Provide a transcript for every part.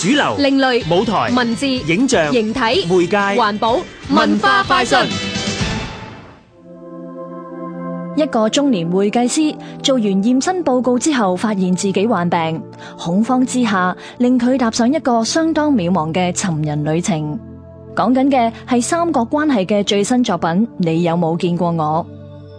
主流、另類舞台、文字、影像、形體、媒介環保、文化快訊。一個中年會計師做完驗身報告之後，發現自己患病，恐慌之下令佢踏上一個相當渺茫嘅尋人旅程。講緊嘅係《三角關係》嘅最新作品。你有冇見過我？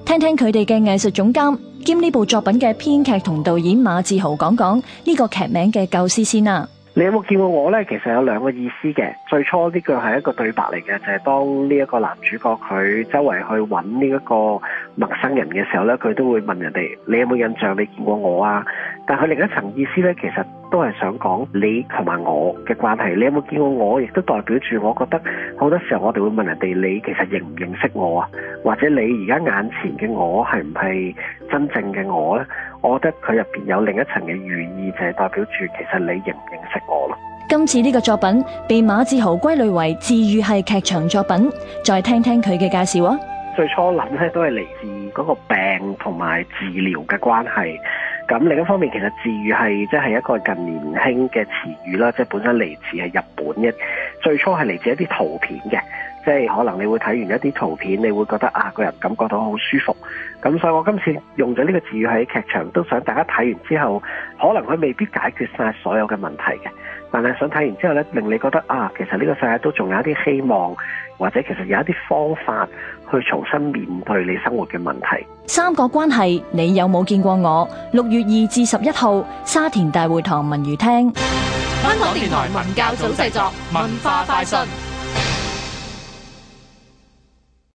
聽聽佢哋嘅藝術總監兼呢部作品嘅編劇同導演馬志豪講講呢個劇名嘅構思先啊！你有冇見過我呢？其實有兩個意思嘅。最初呢句係一個對白嚟嘅，就係當呢一個男主角佢周圍去揾呢一個陌生人嘅時候呢，佢都會問人哋：你有冇印象你見過我啊？但佢另一層意思呢，其實都係想講你同埋我嘅關係。你有冇見過我？亦都代表住我覺得好多時候我哋會問人哋：你其實認唔認識我啊？或者你而家眼前嘅我係唔係真正嘅我呢？」我覺得佢入邊有另一層嘅寓意，就係、是、代表住其實你認唔認識我咯。今次呢個作品被馬志豪歸類為治愈系劇場作品，再聽聽佢嘅介紹啊。最初諗咧，都係嚟自嗰個病同埋治療嘅關係。咁另一方面，其實治愈系即係一個近年輕嘅詞語啦，即、就、係、是、本身嚟自係日本嘅，最初係嚟自一啲圖片嘅。即係可能你會睇完一啲圖片，你會覺得啊個人感覺到好舒服，咁所以我今次用咗呢個詞語喺劇場，都想大家睇完之後，可能佢未必解決晒所有嘅問題嘅，但係想睇完之後咧，令你覺得啊其實呢個世界都仲有一啲希望，或者其實有一啲方法去重新面對你生活嘅問題。三個關係，你有冇見過我？六月二至十一號，沙田大會堂文娛廳，香港電台文教組製作文化快訊。